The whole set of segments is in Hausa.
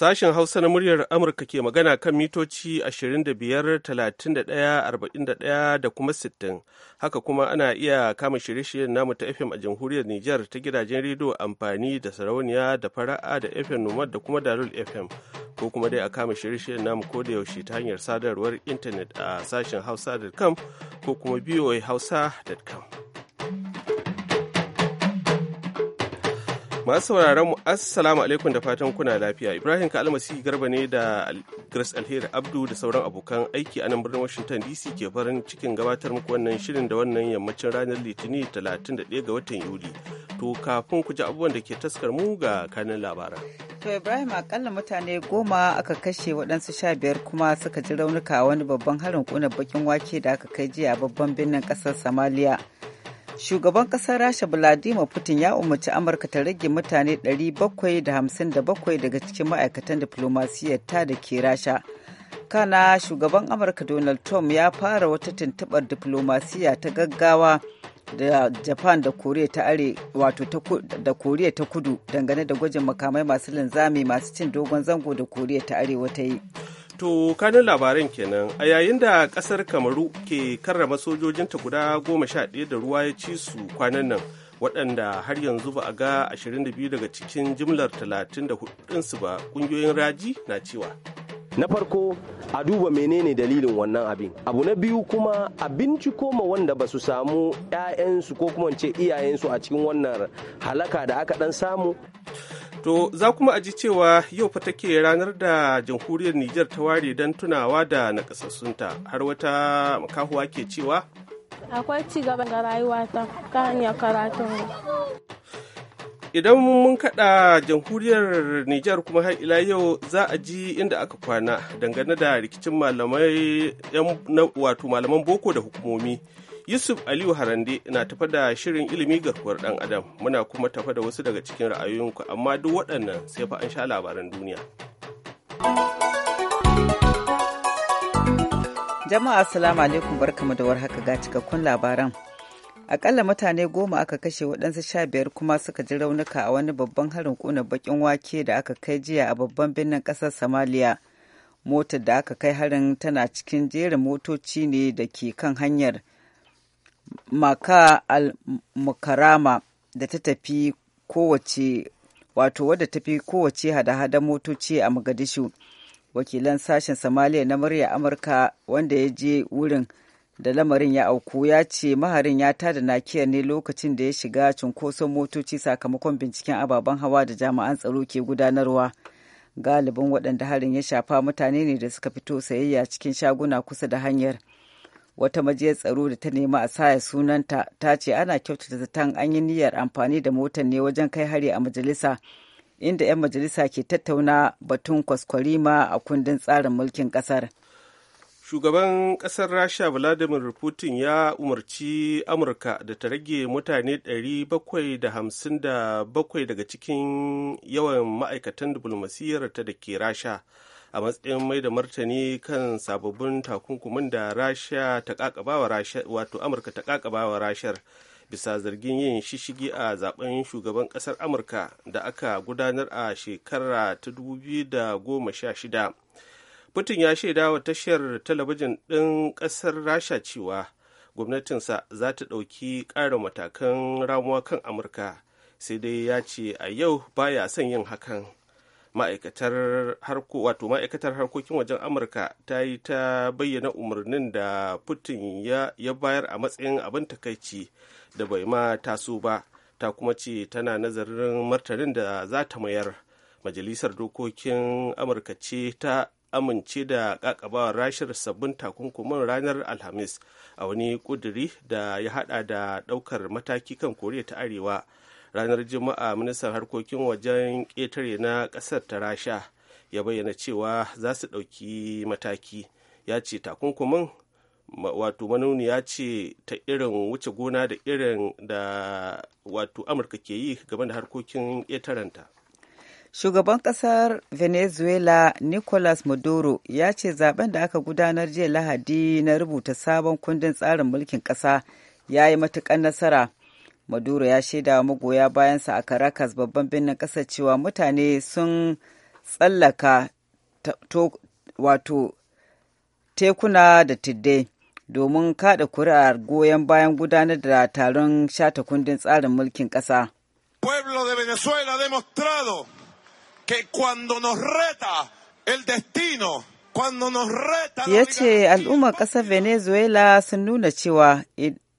Sashen Hausa na muryar Amurka ke magana kan mitoci 25 31 da kuma 60. Haka kuma ana iya kama shirye-shiryen namu ta FM a jamhuriyar Nijar ta gidajen rediyo amfani da sarauniya da fara'a da FM noma da kuma Dalol FM. Ko kuma dai a kama shirye-shiryen namu ko da yaushe ta hanyar sadarwar intanet a sashen hausa.com ko kuma Hausa.com. Masu sauraron mu assalamu alaikum da fatan kuna lafiya. Ibrahim ka almasi garba ne da Grace Alheri Abdu da sauran abokan aiki a nan birnin Washington DC ke farin cikin gabatar muku wannan shirin da wannan yammacin ranar Litinin 31 ga watan Yuli. To kafin ku ji abubuwan da ke taskar mu ga kanin labaran. To Ibrahim akalla mutane goma aka kashe waɗansu sha biyar kuma suka ji raunuka wani babban harin kuna bakin wake da aka kai jiya babban birnin ƙasar Somalia. shugaban kasar rasha vladimir putin ya umarci amurka ta rage mutane 757 daga cikin ma'aikatan diflomasiyya ta da ke rasha kana shugaban amurka donald trump ya fara wata tuntubar diflomasiyya ta gaggawa da japan da koriya ta are wato da koriya ta kudu dangane da gwajin makamai masu linzami masu cin dogon zango da koriya ta arewa ta yi To kanin labaran kenan a yayin da kasar Kamaru ke karrama sojojinta guda goma sha ɗaya da ruwa ya ci su kwanan nan waɗanda har yanzu ba a ga 22 daga cikin jimlar 34 su ba ƙungiyoyin raji na cewa. na farko a duba menene dalilin wannan abin abu na biyu kuma a binciko ma wanda ba su samu 'ya'yansu ko kuma ce iyayensu a cikin wannan halaka da aka dan samu To za kuma aji cewa yau fa take ranar da jamhuriyar Nijar ta ware don tunawa da nakasassunta har wata makahuwa ke cewa akwai ci gaba ga rayuwa ta hanyar karatun Idan mun kaɗa jamhuriyar Nijar kuma har ila yau za a ji inda aka kwana dangane da rikicin malamai wato malaman boko da hukumomi Yusuf Aliyu Harande na tafa da shirin ilimi kuwar ɗan adam muna kuma tafa da wasu daga cikin ra'ayoyinku amma duk waɗannan sai fa an sha labaran duniya. Jama'a assalamu alaikum barkamu da warhaka ga cikakkun labaran. Akalla mutane goma aka kashe waɗansu sha biyar kuma suka ji raunuka a wani babban harin ƙuna bakin wake da aka kai jiya a babban birnin ƙasar Somalia. Motar da aka kai harin tana cikin jerin motoci ne da ke kan hanyar. maka al-mukarama da ta tafi kowace wato wadda ta kowace hada-hada motoci a mogadishu wakilan sashen samaliya na murya amurka wanda ya je wurin da lamarin ya auku ya ce maharin ya tada kiyar ne lokacin da ya shiga cunkoson motoci sakamakon binciken ababen hawa da jami'an tsaro ke gudanarwa galibin waɗanda harin ya shafa mutane ne da suka fito sayayya cikin shaguna kusa da hanyar wata majiyar tsaro da ta nemi a saya sunanta ta ce ana kyautata zaton an yi niyyar amfani da motar ne wajen kai hari a majalisa inda 'yan majalisa ke tattauna batun kwaskwarima a kundin tsarin mulkin kasar shugaban kasar rasha vladimir putin ya umarci amurka da ta rage mutane 757 daga cikin yawan ma'aikatan da ta da ke rasha a matsayin mai da martani kan sababbin takunkumin da rasha ta kakabawa rashar wato amurka ta kakabawa rashar bisa zargin yin shishigi a zaben shugaban kasar amurka da aka gudanar a shekara ta 2016 putin ya shaida wa tashar talabijin ɗin ƙasar rasha cewa gwamnatinsa za ta ɗauki ƙarin matakan ramuwa kan amurka sai dai ya ce a yau baya son yin hakan ma'aikatar harkokin wajen amurka ta yi ta bayyana umarnin da putin ya bayar a matsayin abin takaici da bai ma taso ba ta kuma ce tana nazarin martanin da za ta mayar majalisar dokokin amurka ce ta amince da kakabawar rashin sabbin takunkumin ranar alhamis a wani kuduri da ya hada da daukar mataki kan koriya ta arewa ranar juma'a ministan harkokin wajen ƙetare na ƙasar ta rasha ya bayyana cewa za su ɗauki mataki ya ce takunkumin wato ya ce ta irin wuce gona da irin da wato amurka ke yi game da harkokin ƙetarenta shugaban kasar venezuela nicolas maduro ya ce zaben da aka gudanar jiya lahadi na rubuta sabon kundin tsarin mulkin ƙasa ya yi matukan nasara maduro ya shaida magoya bayansa a caracas babban birnin ƙasar cewa mutane sun tsallaka wato tekuna da tiddai domin kada kuri'ar goyon bayan gudanar da taron shata kundin tsarin mulkin ƙasa. pueblo de venezuela demostrado que cuando nos reta el destino ya ce al'ummar ƙasar venezuela sun nuna cewa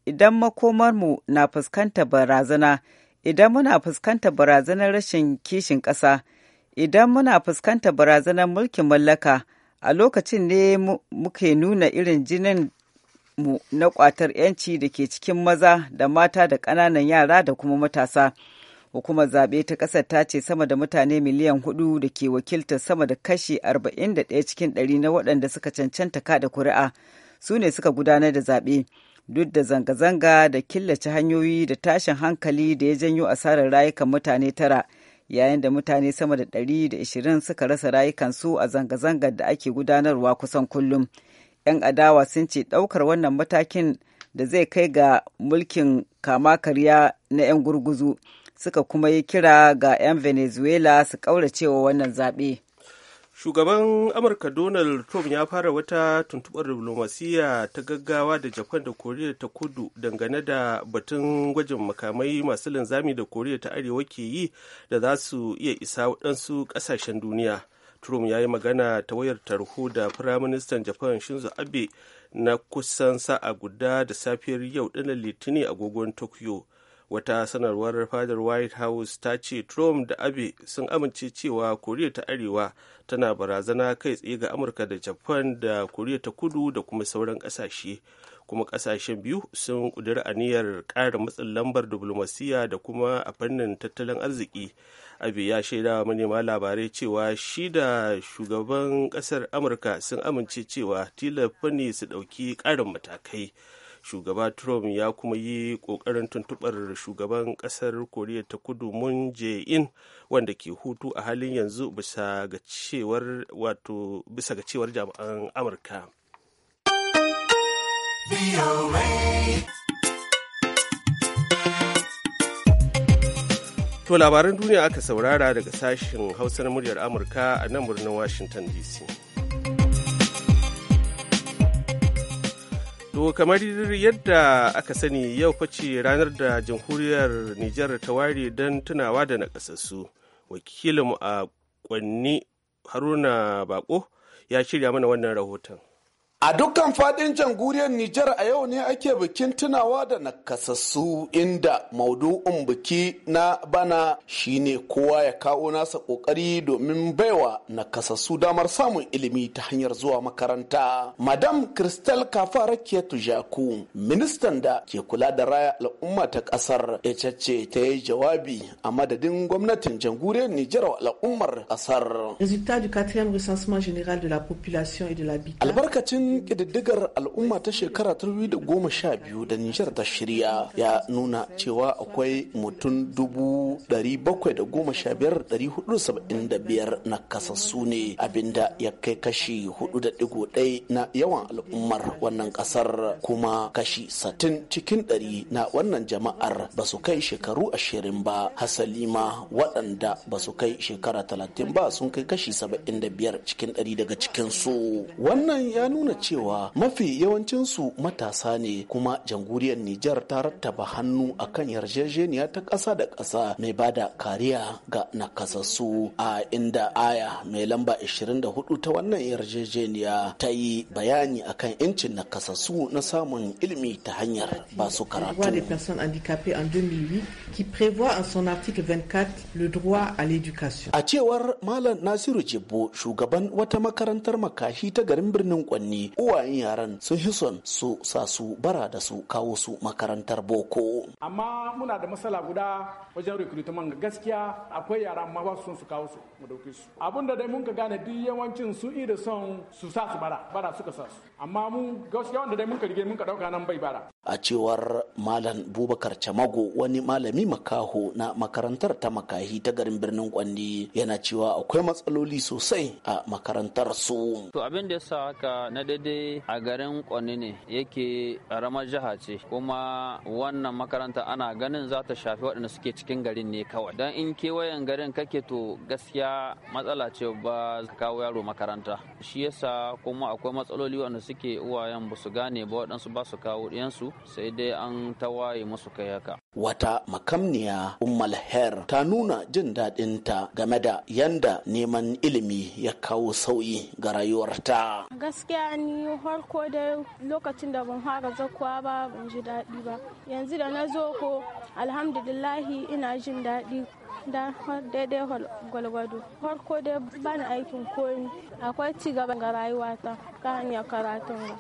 idan makomarmu na fuskanta barazana, idan muna fuskanta barazanar rashin kishin ƙasa, idan muna fuskanta barazanar mulkin mallaka, a lokacin ne muke nuna irin jinin mu na ƙwatar 'yanci da ke cikin maza da mata da ƙananan yara da kuma matasa. Hukumar zaɓe ta ƙasar ta ce sama da mutane miliyan hudu da ke wakilta sama da kashi ɗaya cikin ɗari na waɗanda suka cancanta kada kuri'a su ne suka gudanar da zaɓe. duk da zanga-zanga da killace hanyoyi da tashin hankali da ya janyo asarar rayukan mutane tara yayin da mutane sama da 120 suka rasa rayukansu a zanga-zangar da ake gudanarwa kusan kullum. 'Yan adawa sun ce ɗaukar wannan matakin da zai kai ga mulkin kama karya na 'yan gurguzu suka kuma yi kira ga 'yan Venezuela su ƙauracewa wannan zaɓe. shugaban amurka donald trump ya fara wata tuntubar diplomasiyya ta gaggawa da japan da koriya ta kudu dangane da batun gwajin makamai masu linzami da koriya ta arewa ke yi da za su iya isa waɗansu ƙasashen duniya trump ya yi magana ta wayar tarho da firaministan japan shinzo abe na kusan sa'a guda da safiyar yau ɗinan litinin agogon tokyo wata sanarwar fadar white house ta ce trump da abe sun amince cewa koriya ta arewa tana barazana kai tsaye ga amurka da japan da koriya ta kudu da kuma sauran kasashe kuma kasashen biyu sun kudura aniyar ƙara matsin lambar diplomasiya da kuma a fannin tattalin arziki abe ya shaida manema labarai cewa shi da shugaban ƙasar amurka sun amince cewa tilafi ne su ɗauki ƙarin matakai shugaba trump ya kuma yi kokarin tuntubar shugaban kasar koriya ta kudu moon jae-in wanda ke hutu a halin yanzu bisa ga cewar bisa ga cewar jami'an amurka To labaran duniya aka saurara daga sashen hausa na muryar amurka a nan birnin washington dc To kamar yadda aka sani yau face ranar da jamhuriyar Nijar ta ware don tunawa da nakasassu. Wakilinmu a kwanni Haruna Bako ya shirya mana wannan rahoton. A dukkan fadin jamhuriyar Nijar a yau ne ake bikin tunawa da nakasassu inda maudu'un biki na bana shine kowa ya kawo nasa kokari domin baiwa nakasassu damar samun ilimi ta hanyar zuwa makaranta. Madam Kristal Kafara Jaku, ministan da ke kula da raya al'umma ta kasar ita ce ta yi jawabi a madadin gwamnatin jamhuriyar Nijar wa al'ummar kasar. Albarkacin Binciken ƙididdigar al'umma ta shekara ta goma sha biyu da Nijar ta shirya ya nuna cewa akwai mutum dubu dari bakwai da goma sha biyar dari hudu saba'in da biyar na kasassu ne abinda ya kai kashi hudu da digo ɗai na yawan al'ummar wannan ƙasar kuma kashi satin cikin ɗari na wannan jama'ar ba su kai shekaru ashirin ba hasali ma waɗanda ba su kai shekara talatin ba sun kai kashi saba'in da biyar cikin ɗari daga cikin su wannan ya nuna cewa mafi yawancinsu matasa ne kuma jamhuriyar Nijar ta rattaba hannu akan yarjejeniya ta ƙasa da ƙasa mai bada kariya ga nakasassu a inda aya mai lamba 24 ta wannan yarjejeniya ta yi bayani akan 'yancin nakasassu na samun ilimi ta hanyar basu karatu. A cewar Malam Nasiru Jibbo, shugaban wata makarantar makashi ta garin birnin Kwanni, uwayen yaran sun hison su sa su bara da su kawo su makarantar boko amma muna da matsala guda wajen recruitment gaskiya akwai yara amma ba su son su kawo su mu dauke su abinda dai mun ka gane duk yawancin su da son su sa su bara bara suka sa su amma mu gaskiya wanda dai mun ka rige mun ka dauka nan bai bara a cewar malam bubakar camago wani malami makaho na makarantar ta makahi ta garin birnin kwanne yana cewa akwai matsaloli sosai a makarantar su to abin da yasa haka na daidai a garin kwanni ne yake ramar jiha ce kuma wannan makaranta ana ganin za ta shafi waɗanda suke cikin garin ne kawai Don in kewayen garin kake to gaskiya matsala ce ba kawo yaro makaranta shi yasa kuma akwai matsaloli wanda suke uwayen ba su gane ba waɗansu ba su kawo ɗiyansu sai dai an tawaye musu kai haka. Wata makamniya Ummal Her ta nuna jin daɗinta game da yanda neman ilimi ya kawo sauyi ga rayuwarta. Gaskiya ni harko da lokacin da ban fara zakuwa ba ban ji daɗi ba. Yanzu da na zo ko alhamdulillahi ina jin daɗi da daidai gwalgwado farko dai bani aikin koyi akwai ci gaba ga rayuwata ta hanyar karatun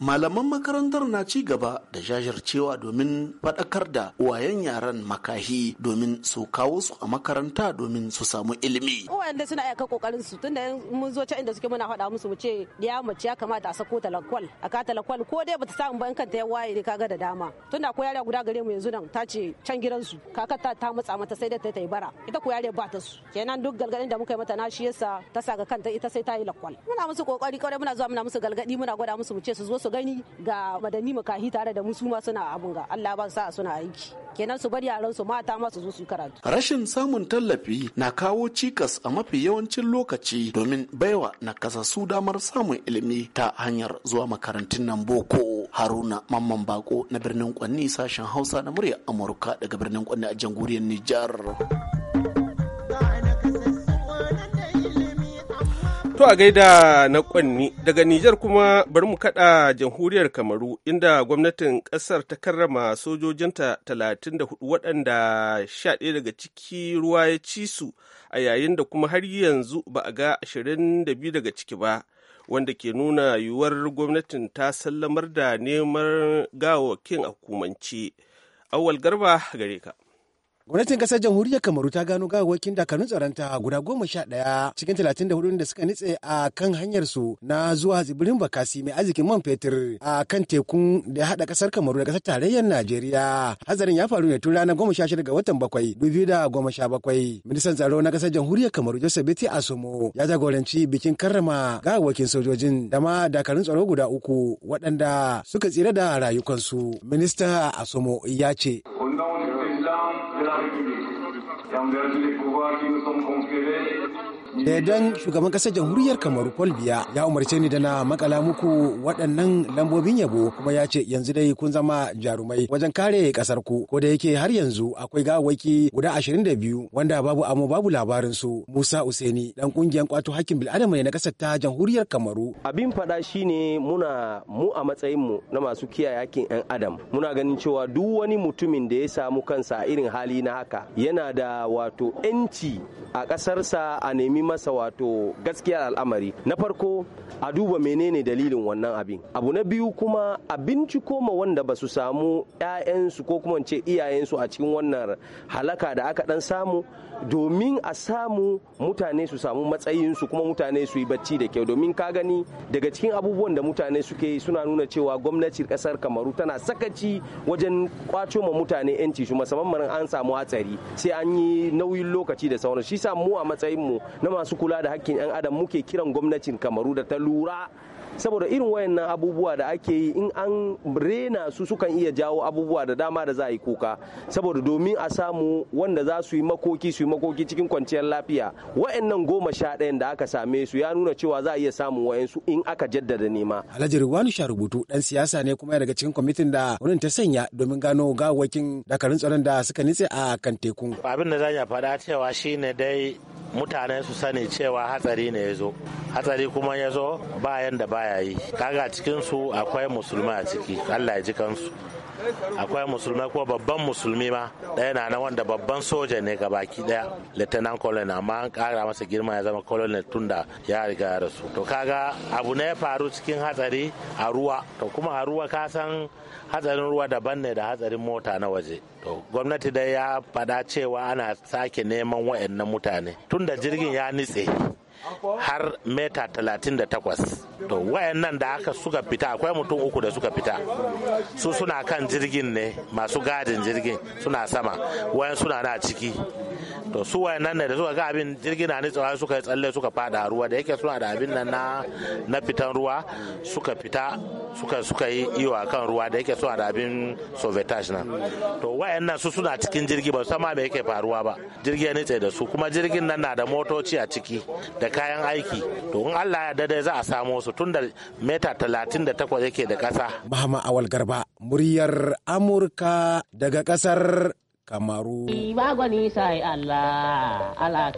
malaman makarantar na ci gaba da jajircewa domin faɗakar da wayan yaran makahi domin su kawo su a makaranta domin su samu ilimi. da suna aika kokarin su tunda mun zo can inda suke muna faɗa musu mu ce ya mace ya kamata a sako talakwal a ka talakwal ko dai bata samu ba in kanta ya waye ne kaga da dama tunda ko yariya guda gare mu yanzu nan ta ce can gidansu kaka ta ta matsa mata sai dai ta yi bara ita ko yariya ba ta su kenan duk galgadin da muka yi mata na shi yasa ta saka kanta ita sai ta yi lakwal muna musu kokari kawai muna zuwa muna musu galgadi muna gwada musu mu su zo gani ga madami makahi tare da mu su ma suna abun ga Allah ba sa suna aiki kenan su bar yaran su mata ma su zo su karatu rashin samun tallafi na kawo cikas a mafi yawancin lokaci domin baiwa nakasassu damar samun ilimi ta hanyar zuwa makarantun nan boko haruna mamman bako na birnin kwanni sashen hausa na murya amurka daga birnin kwanni a jamhuriyar nijar To a gaida na kwanni daga Nijar kuma bari mu kada jamhuriyar Kamaru inda gwamnatin kasar ta karrama sojojinta 34 waɗanda 11 daga ciki ruwa ya ci su a yayin da kuma har yanzu ba a ga 22 daga ciki ba wanda ke nuna yiwuwar gwamnatin ta sallamar da neman gawakin a hukumance. Awal garba gare ka. Gwamnatin kasar jamhuriyar Kamaru ta gano gawawwakin dakarun tsaronta guda goma sha ɗaya cikin talatin da hudun da suka nitse a kan hanyarsu na zuwa tsibirin Bakasi mai arzikin man fetur a kan tekun da ya haɗa kasar Kamaru da kasar tarayyar Najeriya. Hazarin ya faru ne tun ranar goma sha shida ga watan bakwai dubu da goma sha bakwai. Ministan tsaro na kasar jamhuriyar Kamaru Joseph Bitti Asomo ya jagoranci bikin karrama gawawwakin sojojin da ma dakarun tsaro guda uku waɗanda suka tsira da rayukansu. Minista Asomo ya ce. envers tous les pouvoirs qui nous sont conférés Eh, don shugaban ƙasar jamhuriyar Kamaru Kolbiya ya umarce ni da na makala muku waɗannan lambobin yabo kuma ya ce yanzu dai kun zama jarumai wajen kare kasar ku ko da yake har yanzu akwai gawaki guda 22 wanda babu amo babu labarin su Musa Useni dan kungiyar kwato hakkin bil'adama ne na ƙasar ta jamhuriyar Kamaru. Abin faɗa shine muna mu a matsayin mu na masu kiyaye hakkin 'yan adam muna ganin cewa duk wani mutumin da ya samu kansa a irin hali na haka yana da wato 'yanci a ƙasarsa a nemi yi masa wato gaskiyar al'amari na farko a duba menene dalilin wannan abin abu na biyu kuma a binciko ma wanda ba su samu 'ya'yansu ko kuma ce iyayensu a cikin wannan halaka da aka dan samu domin a samu mutane su samu matsayinsu kuma mutane su yi bacci da kyau domin ka gani daga cikin abubuwan da mutane suke suna nuna cewa gwamnatin kasar kamaru tana sakaci wajen kwaco ma mutane yanci su musamman an samu hatsari sai an yi nauyin lokaci da sauran shi sa mu a matsayin mu na masu kula da hakkin yan adam muke kiran gwamnatin kamaru da ta lura saboda irin wayannan abubuwa da ake yi in an rena su sukan iya jawo abubuwa da dama da za a yi kuka saboda domin a samu wanda za su yi makoki su yi makoki cikin kwanciyar lafiya wayannan goma sha ɗayan da aka same su ya nuna cewa za a iya samun wayansu in aka jaddada nema alhaji sha rubutu dan siyasa ne kuma daga cikin kwamitin da wurin ta sanya domin gano gawakin dakarun tsaron da suka nitse a kan tekun abin da zan ya faɗa cewa shine dai mutane su sani cewa hatsari ne ya zo hatsari kuma ya zo bayan da baya yi kaga cikinsu akwai musulmai a ciki allah ya ji kansu akwai musulmai ko babban musulmi ma ɗaya na nan wanda babban soja ne ga baki ɗaya lieutenant colonel amma an ƙara masa girma ya zama colonel tunda ya riga ya rasu to kaga abu na ya faru cikin hatsari a ruwa to kuma a ruwa ka san hatsarin ruwa daban ne da hatsarin mota na waje to gwamnati dai ya faɗa cewa ana sake neman wa'annan mutane tunda jirgin ya nitse har meta 38 to wayannan da aka suka fita akwai mutum uku da suka fita su suna kan jirgin ne masu gadin jirgin suna sama wayan suna na ciki to su wayannan ne da suka ga abin jirgin na nitsawa suka yi tsalle suka fada ruwa da yake suna da abin nan na fitan ruwa suka fita suka suka yi iwa a kan ruwa da yake suna da abin sovetage nan to wayannan su suna cikin jirgi ba su sama me yake faruwa ba Jirgin ya tsaye da su kuma jirgin nan na da motoci a ciki da kayan aiki to in Allah ya dade za a samo su tun da meta 38 yake da ƙasa. Mahama Awal Garba muryar Amurka daga ƙasar kamaru. Ba gwani sai Allah, Allah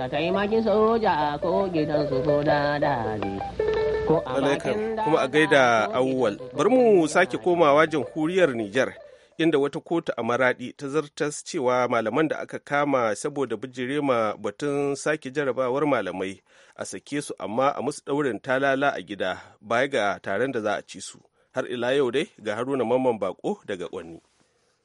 kuma a gaida awwal. Bari mu sake komawa jamhuriyar Nijar. inda wata kotu a maradi ta zartas cewa malaman da aka kama saboda bijire ma batun sake jarabawar malamai a sake su amma a musu daurin talala a gida baya ga taron da za a ci su har ila yau dai ga haruna mamman bako daga kwanni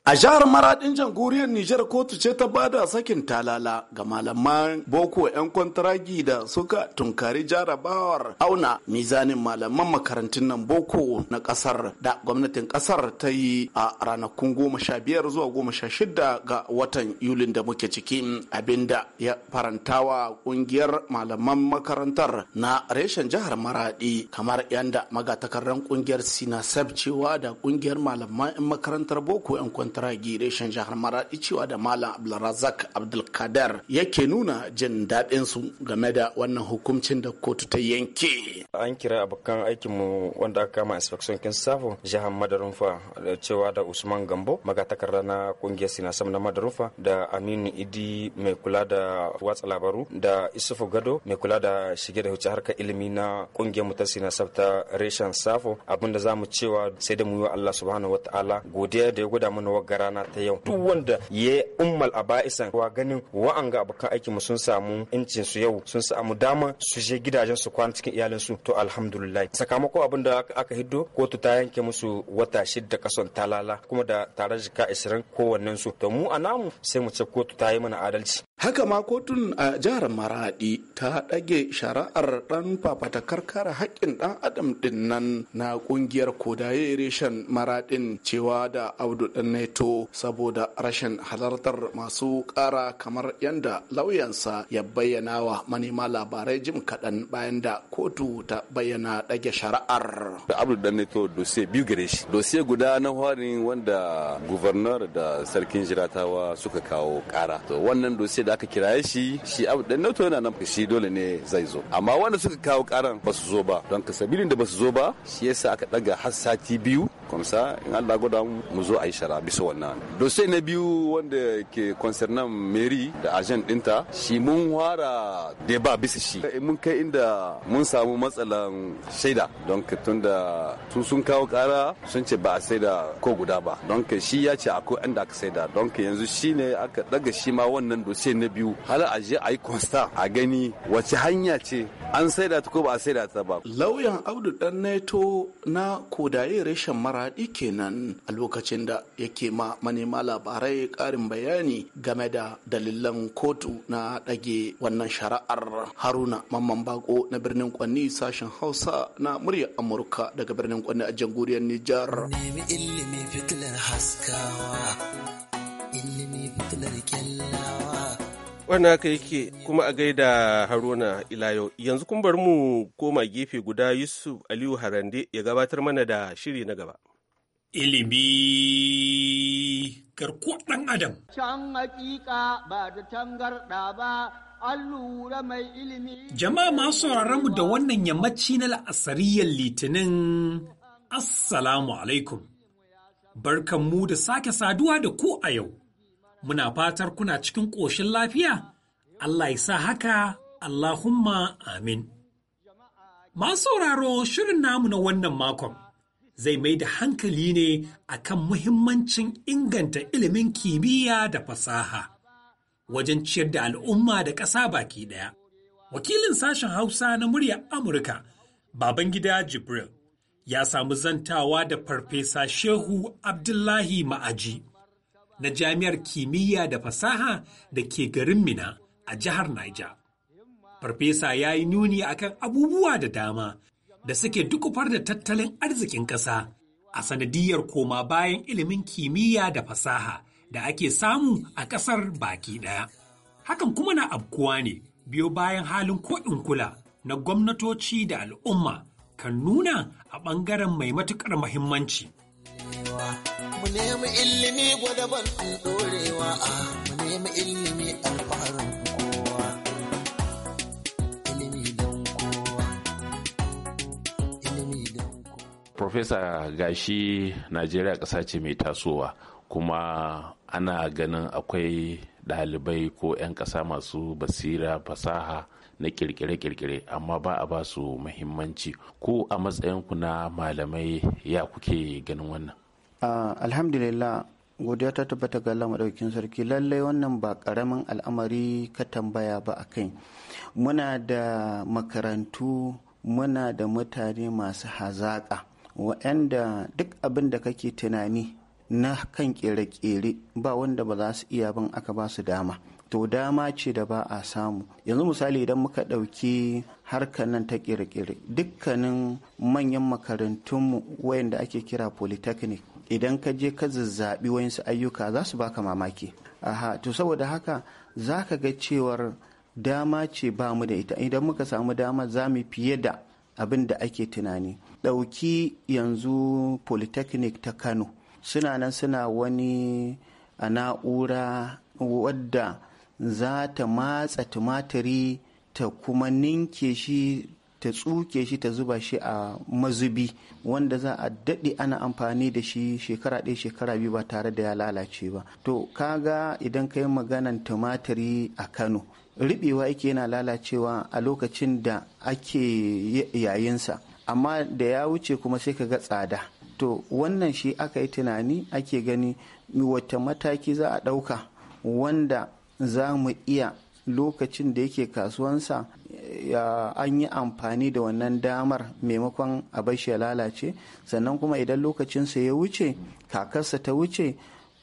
A jihar Maradin jamhuriyar Nijar kotu ce ta bada sakin talala ga malaman boko 'yan kwantaragi da suka tunkari jarabawar auna mizanin malaman makarantun nan boko na kasar da gwamnatin kasar ta yi a ranakun goma sha biyar zuwa goma sha shida ga watan Yulin da muke ciki abinda ya farantawa kungiyar malaman makarantar na reshen jihar Maradi kamar yanda magatakarren kungiyar Sinasab cewa da kungiyar malaman makarantar boko 'yan taragi reshen jihar maradi cewa da malam abdulrazak abdulkader yake nuna jin daɗin su game da wannan hukuncin da kotu ta yanke an kira abokan aikinmu wanda aka kama inspection kin safo jihar madarunfa cewa da usman gambo magatakarda na kungiyar sinasam na Madarufa da aminu idi mai kula da watsa labaru da isufu gado mai kula da shige da wuce harkar ilimi na kungiyar mu ta sinasam ta reshen safo abinda za mu cewa sai da mu yi allah subhanahu wataala godiya da ya gwada mana garana rana ta yau duk wanda ya ummal a ba'isan wa ganin wa'anga abokan aiki mu sun samu incin su yau sun samu dama su je gidajen su kwana cikin iyalin su to alhamdulillah sakamako abin da aka hiddo kotu ta yanke musu wata shidda kason talala kuma da tare jika 20 kowannen su to mu a namu sai mu ce kotu ta yi mana adalci Haka ma kotun a jihar Maradi ta ɗage shari'ar ɗan fafatakar kare haƙƙin ɗan adam ɗin nan na ƙungiyar kodaye reshen Maradin cewa da Audu ɗan Neto saboda rashin halartar masu ƙara kamar yadda lauyansa ya bayyana wa manema labarai jim kaɗan bayan da kotu ta bayyana ɗage shari'ar. Da Audu ɗan Neto dosiye biyu gare shi. Dosiye guda na harin wanda gubernar da sarkin jiratawa suka kawo ƙara. To wannan dosiye da aka kiraye shi shi abu dan nato yana nan shi dole ne zai zo amma wanda suka kawo karan ba su zo ba don ka sabilin da ba su zo ba shi yasa aka daga har sati biyu kamsa in Allah gwada mu zo a yi shara bisa wannan dose na biyu wanda ke concernan mary da agent dinta shi mun wara da ba bisa shi mun kai inda mun samu matsalan shaida don ka tunda su sun kawo kara sun ce ba a saida ko guda ba don ka shi ya ce akwai inda aka saida don ka yanzu shi ne aka daga shi ma wannan dose na biyu hala a je a yi kwasta a gani wace hanya ce an saida ta ko ba a saida ta ba. Lauyan Audu Dan Neto na kodaye reshen maraɗi kenan a lokacin da yake ma manema labarai ƙarin bayani game da dalilan kotu na dage wannan shari'ar Haruna Mamman Bako na birnin Kwanni sashen Hausa na murya Amurka daga birnin Kwanni a jamhuriyar Nijar. Nemi ilimi fitilar haskawa, ilimi fitilar kyallawa. wannan haka yake kuma a gaida haruna ila yanzu kun bar mu koma gefe guda yusuf aliyu harande ya gabatar mana da shiri na gaba ilimi garkuwar ɗan adam can hakika ba da tangarɗa ba allura mai ilimi jama'a masu mu da wannan yammaci na la'asariyar litinin assalamu alaikum barkan mu da sake saduwa da ku a yau muna fatar kuna cikin ƙoshin lafiya? Allah ya sa haka, Allahumma amin. Masu sauraro shirin namu na wannan makon zai mai da hankali ne akan muhimmancin inganta ilimin kimiyya da fasaha wajen ciyar da al'umma da ƙasa baki ɗaya. Wakilin sashen Hausa na murya Amurka, Babangida Jibril, ya samu zantawa da Farfesa Shehu Abdullahi Ma'aji. na jami'ar kimiyya da fasaha da ke garin Mina a jihar Niger. Farfesa ya yi nuni akan abubuwa da dama da suke dukufar da tattalin arzikin ƙasa a sanadiyar koma bayan ilimin kimiyya da fasaha da ake samu a ƙasar baki ɗaya. Hakan kuma na abkuwa ne biyo bayan halin ko'in kula na gwamnatoci da al'umma kan nuna a ɓangaren mai matuƙar muhimmanci. mu nemi ilimi dorewa mu nemi ilimi kowa ilimi don kowa ilimi don kowa Profesa gashi Najeriya ƙasa ce mai tasowa kuma ana ganin akwai ɗalibai ko 'yan ƙasa masu basira fasaha na kirkire-kirkire amma ba a ba su muhimmanci ko a matsayinku na malamai ya kuke ganin wannan alhamdulillah godiya ta tabbata ga Allah madaukin sarki lallai wannan ba karamin al'amari ka tambaya ba a kai muna da makarantu muna da mutane masu hazaƙa waɗanda duk abin da kake tunani na kan kere-kere ba wanda ba za su iya bin aka ba su dama to dama ce da ba a samu yanzu misali idan muka ɗauki harkar nan ta kere-kere dukkanin manyan makarantunmu wayanda ake kira polytechnic idan ka je ka zazzabi wayansu ayyuka za su baka mamaki aha to saboda haka za ka ga cewar dama ce ba mu da ita idan muka samu dama za mu fiye da abin da ake tunani ɗauki yanzu polytechnic ta kano suna nan suna wani a na'ura wadda za ta matsa tumatiri ta kuma ninke shi ta tsuke shi ta zuba shi a mazubi wanda za a daɗe ana amfani da shi shekara ɗaya shekara biyu ba tare da ya lalace ba to kaga idan ka yi maganan tumatiri a kano riɓewa yake yana lalacewa a lokacin da ake yayinsa amma da ya wuce kuma sai ka ga tsada to wannan shi aka yi tunani ake gani wata mataki za a ɗauka wanda za mu iya lokacin da yake kasuwansa an yi amfani da wannan damar maimakon a ya lalace sannan kuma idan lokacinsa ya wuce kakarsa ta wuce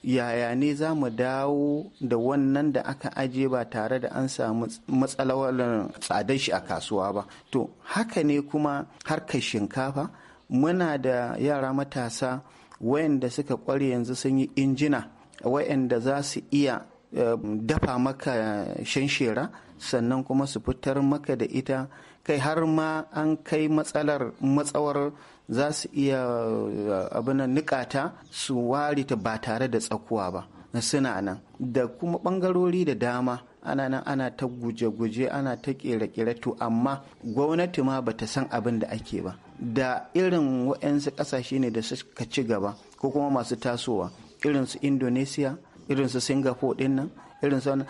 yaya ne za mu dawo da wannan da aka aje ba tare da an samu matsalawar tsadar shi a kasuwa ba to haka ne kuma harkar shinkafa muna da yara matasa wayanda suka kware yanzu sun yi injina wayanda za su iya eh, dafa maka shanshera sannan kuma su fitar maka da ita kai har ma an kai matsalar matsawar za su iya eh, abinan nukata su ta ba tare da tsakuwa ba suna nan da kuma bangarori da dama ana nan ana ta guje-guje ana ta kere-kere to amma gwamnati ma ba ta san abin da ake ba da irin waɗansu ƙasashe ne da suka ci gaba ko kuma masu tasowa irinsu indonesiya indonesia irinsu singapore ɗin nan irin sauran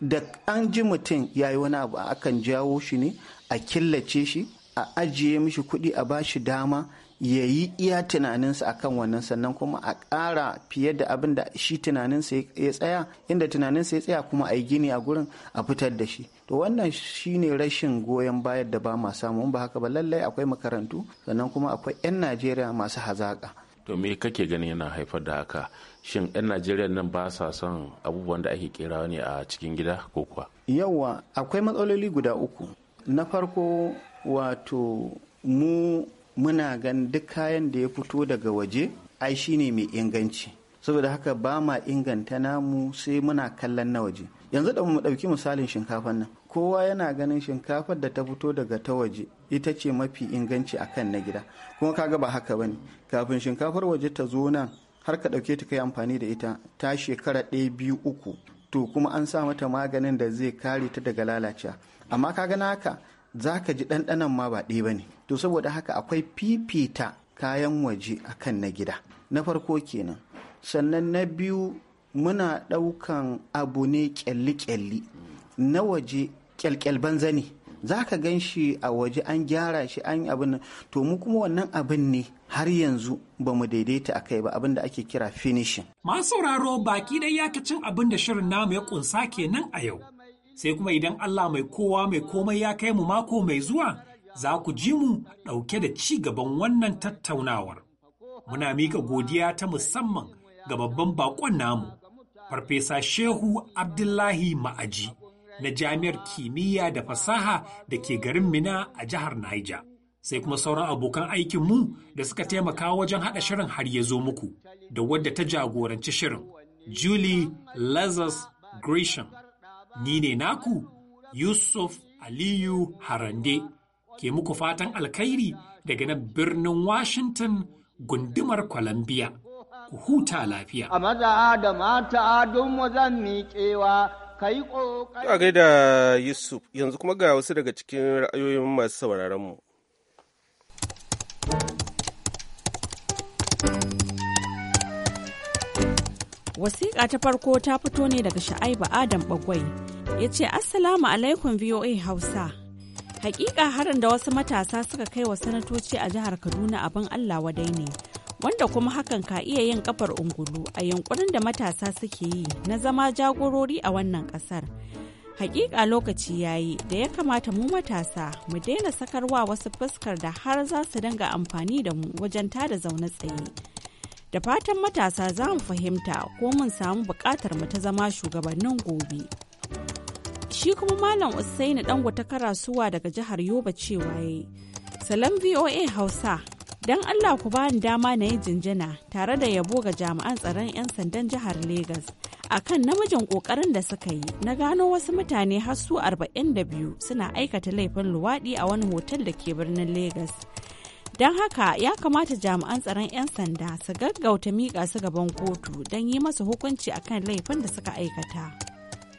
da an ji mutum ya yi wani abu a akan jawo shi ne a killace shi a ajiye mishi kuɗi a ba shi dama ya yi iya tunaninsa akan wannan sannan kuma a ƙara fiye da abin da shi tunaninsa ya tsaya inda tunaninsa ya tsaya kuma a yi gini a gurin a fitar da shi to wannan shi ne rashin goyon bayar da ba ma samu ba haka ba lallai akwai makarantu sannan kuma akwai 'yan najeriya masu hazaƙa to me kake ganin yana haifar da haka shin 'yan najeriya nan ba sa son abubuwan da ake kera ne a cikin gida ko kuwa yawa akwai matsaloli guda uku na farko wato mu muna gan duk kayan da ya fito daga waje ai shi ne mai inganci saboda haka ba ma inganta namu sai muna kallon na waje yanzu da mu ɗauki misalin shinkafar nan kowa yana ganin shinkafar da ta fito daga ta waje ita ce mafi inganci akan na gida kuma kaga ba haka bane kafin shinkafar waje ta zo nan har ka ɗauke ta kai amfani da ita ta shekara ɗaya biyu uku to kuma an sa mata maganin da zai kare ta daga lalacewa amma ka gana haka za ka ji ɗanɗanan ma ba ɗaya ba ne to saboda haka akwai fifita kayan waje akan na gida na farko kenan sannan na biyu muna ɗaukan abu ne ƙyalli-ƙyalli na waje ƙyalƙyal banza ne za ka gan shi a waje an gyara shi an yi abin to mu kuma wannan abin ne har yanzu ba mu daidaita a kai ba abin da ake kira finishing. Masu sauraro baki dai ya ka cin abin da shirin namu ya kunsa kenan a yau. Sai kuma idan Allah mai kowa mai komai ya kai mu mako mai zuwa za ku ji mu ɗauke da ci gaban wannan tattaunawar. Muna mika godiya ta musamman ga babban bakon namu, Farfesa Shehu Abdullahi Ma'aji. na jami'ar kimiyya da fasaha da ke garin Mina a jihar Niger. Sai kuma sauran abokan aikinmu da suka taimaka wajen haɗa shirin har ya zo muku da wadda ta jagoranci shirin. Julie Lazarus Grisham. Ni ne naku Yusuf Aliyu Harande ke muku fatan alkhairi daga nan birnin Washington gundumar Columbia. Ku huta lafiya. A maza da mata don wazan miƙewa ka yi ƙoƙari. a gaida Yusuf, yanzu kuma ga wasu daga cikin ra'ayoyin masu sauraron mu. Wasiƙa ta farko ta fito ne daga Sha'aiba Adam Bagwai. Ya ce, Assalamu alaikum VOA Hausa. Hakika harin da wasu matasa suka kai wa sanatoci a jihar Kaduna abin Allah wadai ne. wanda kuma hakan ka iya yin kafar ungulu a yankunan da matasa suke yi na zama jagorori a wannan kasar. Hakika lokaci yayi da ya kamata mu matasa mu daina sakarwa wasu fuskar da har za su dinga amfani da mu wajen tada zaune tsaye. Da fatan matasa za mu fahimta ko mun samu bukatar mu ta zama shugabannin gobe. Shi kuma Malam Usaini ɗan ta karasuwa daga jihar Yoba cewa yayi. Salam VOA Hausa Don Allah ku bani dama na yi jinjina tare da yabo ga jami'an tsaron 'yan sandan jihar Legas a kan namijin ƙoƙarin da suka yi na gano wasu mutane har su 42 suna aikata laifin luwaɗi a wani hotel da ke birnin Legas. Don haka ya kamata jami'an tsaron 'yan sanda su gaggauta miƙa su gaban kotu don yi masa hukunci a kan laifin da suka aikata.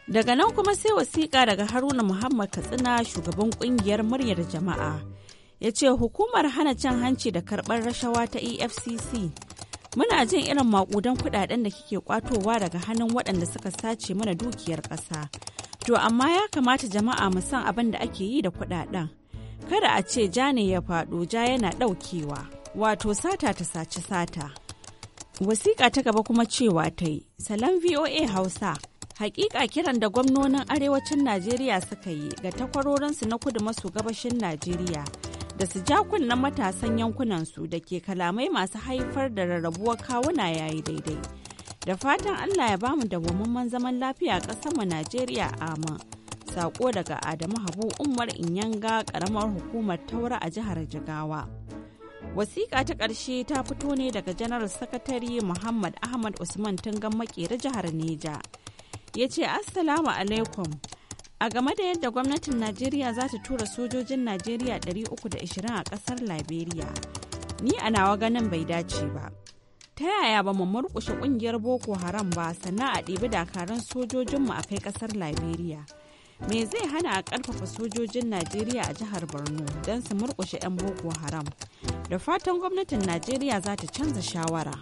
Daga nan kuma sai wasiƙa daga Haruna Muhammad Katsina shugaban ƙungiyar muryar jama'a. ya ce hukumar hana cin hanci da karɓar rashawa ta efcc muna jin irin makudan kudaden da kike kwatowa daga hannun waɗanda suka sace mana dukiyar ƙasa to amma ya kamata jama'a mu san abin da ake yi da kudaden kada a ce ja ne ya faɗo ja yana ɗaukewa wato sata ta saci sata wasiƙa ta gaba kuma cewa ta yi salon voa hausa hakika kiran da gwamnonin arewacin najeriya suka yi ga takwarorinsu na kudu maso gabashin najeriya da su ja kunnen matasan yankunansu da ke kalamai masu haifar da rarrabuwar kawuna ya yi daidai. Da fatan Allah ya bamu da zaman lafiya a mu Najeriya amin. Sako daga Adamu Habu Umar Inyanga ƙaramar hukumar Taura a jihar Jigawa. wasiƙa ta ƙarshe ta fito ne daga janar sakatari muhammad ahmad usman tungan makera jihar neja ya ce assalamu alaikum a game da yadda gwamnatin najeriya za ta tura sojojin najeriya 320 a ƙasar liberia ni a nawa ganin bai dace ba ta yaya ba mu murkushe kungiyar boko haram ba sannan a ɗibi dakarun sojojinmu a kai ƙasar liberia me zai hana a ƙarfafa sojojin najeriya a jihar borno don su murkushe 'yan boko haram da fatan gwamnatin najeriya za ta canza shawara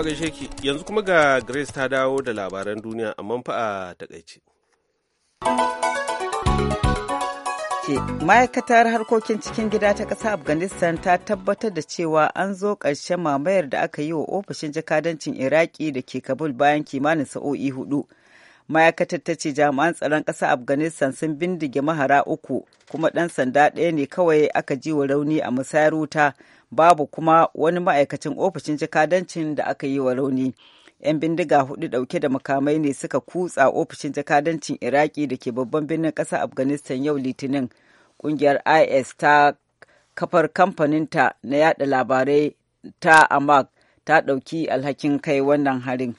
a gaishe ki yanzu kuma ga Grace ta dawo da labaran duniya amma fa a takaice. ma'aikatar harkokin cikin gida ta ƙasa afghanistan ta tabbatar da cewa an zo ƙarshen mamayar da aka yi wa ofishin jakadancin iraki da ke kabul bayan kimanin sa'o'i hudu ma'aikatar ta ce jami'an tsaron ƙasa afghanistan sun bindige mahara uku kuma ɗan sanda ɗaya ne kawai aka ji wa rauni a musayar wuta babu kuma wani ma'aikacin ofishin jakadancin da aka yi wa rauni. 'Yan bindiga hudu dauke da makamai ne suka kutsa ofishin jakadancin Iraki da ke babban birnin ƙasar Afghanistan yau Litinin. Ƙungiyar IS ta kafar kamfaninta na yada labarai ta Amak ta ɗauki alhakin kai wannan harin.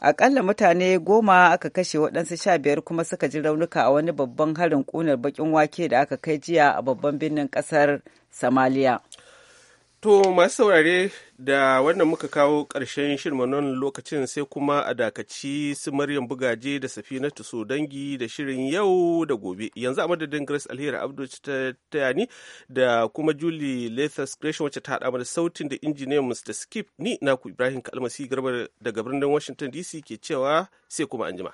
Aƙalla mutane goma aka kashe waɗansu sha biyar kuma suka ji raunuka a wani babban harin ƙunar baƙin wake da aka kai jiya a babban birnin ƙasar Somalia. To masu saurare da wannan muka kawo ƙarshen shirma nan lokacin sai kuma a dakaci su Maryam Bugaje da Safinatu dangi da shirin yau da gobe. Yanzu a madadin Grace Alheri Abdul ta tayani da kuma Julie Lathas Gresham wacce ta haɗa mana sautin da injiniyan Mr. Skip ni naku Ibrahim Kalmasi Garba daga birnin Washington DC ke cewa sai kuma anjima.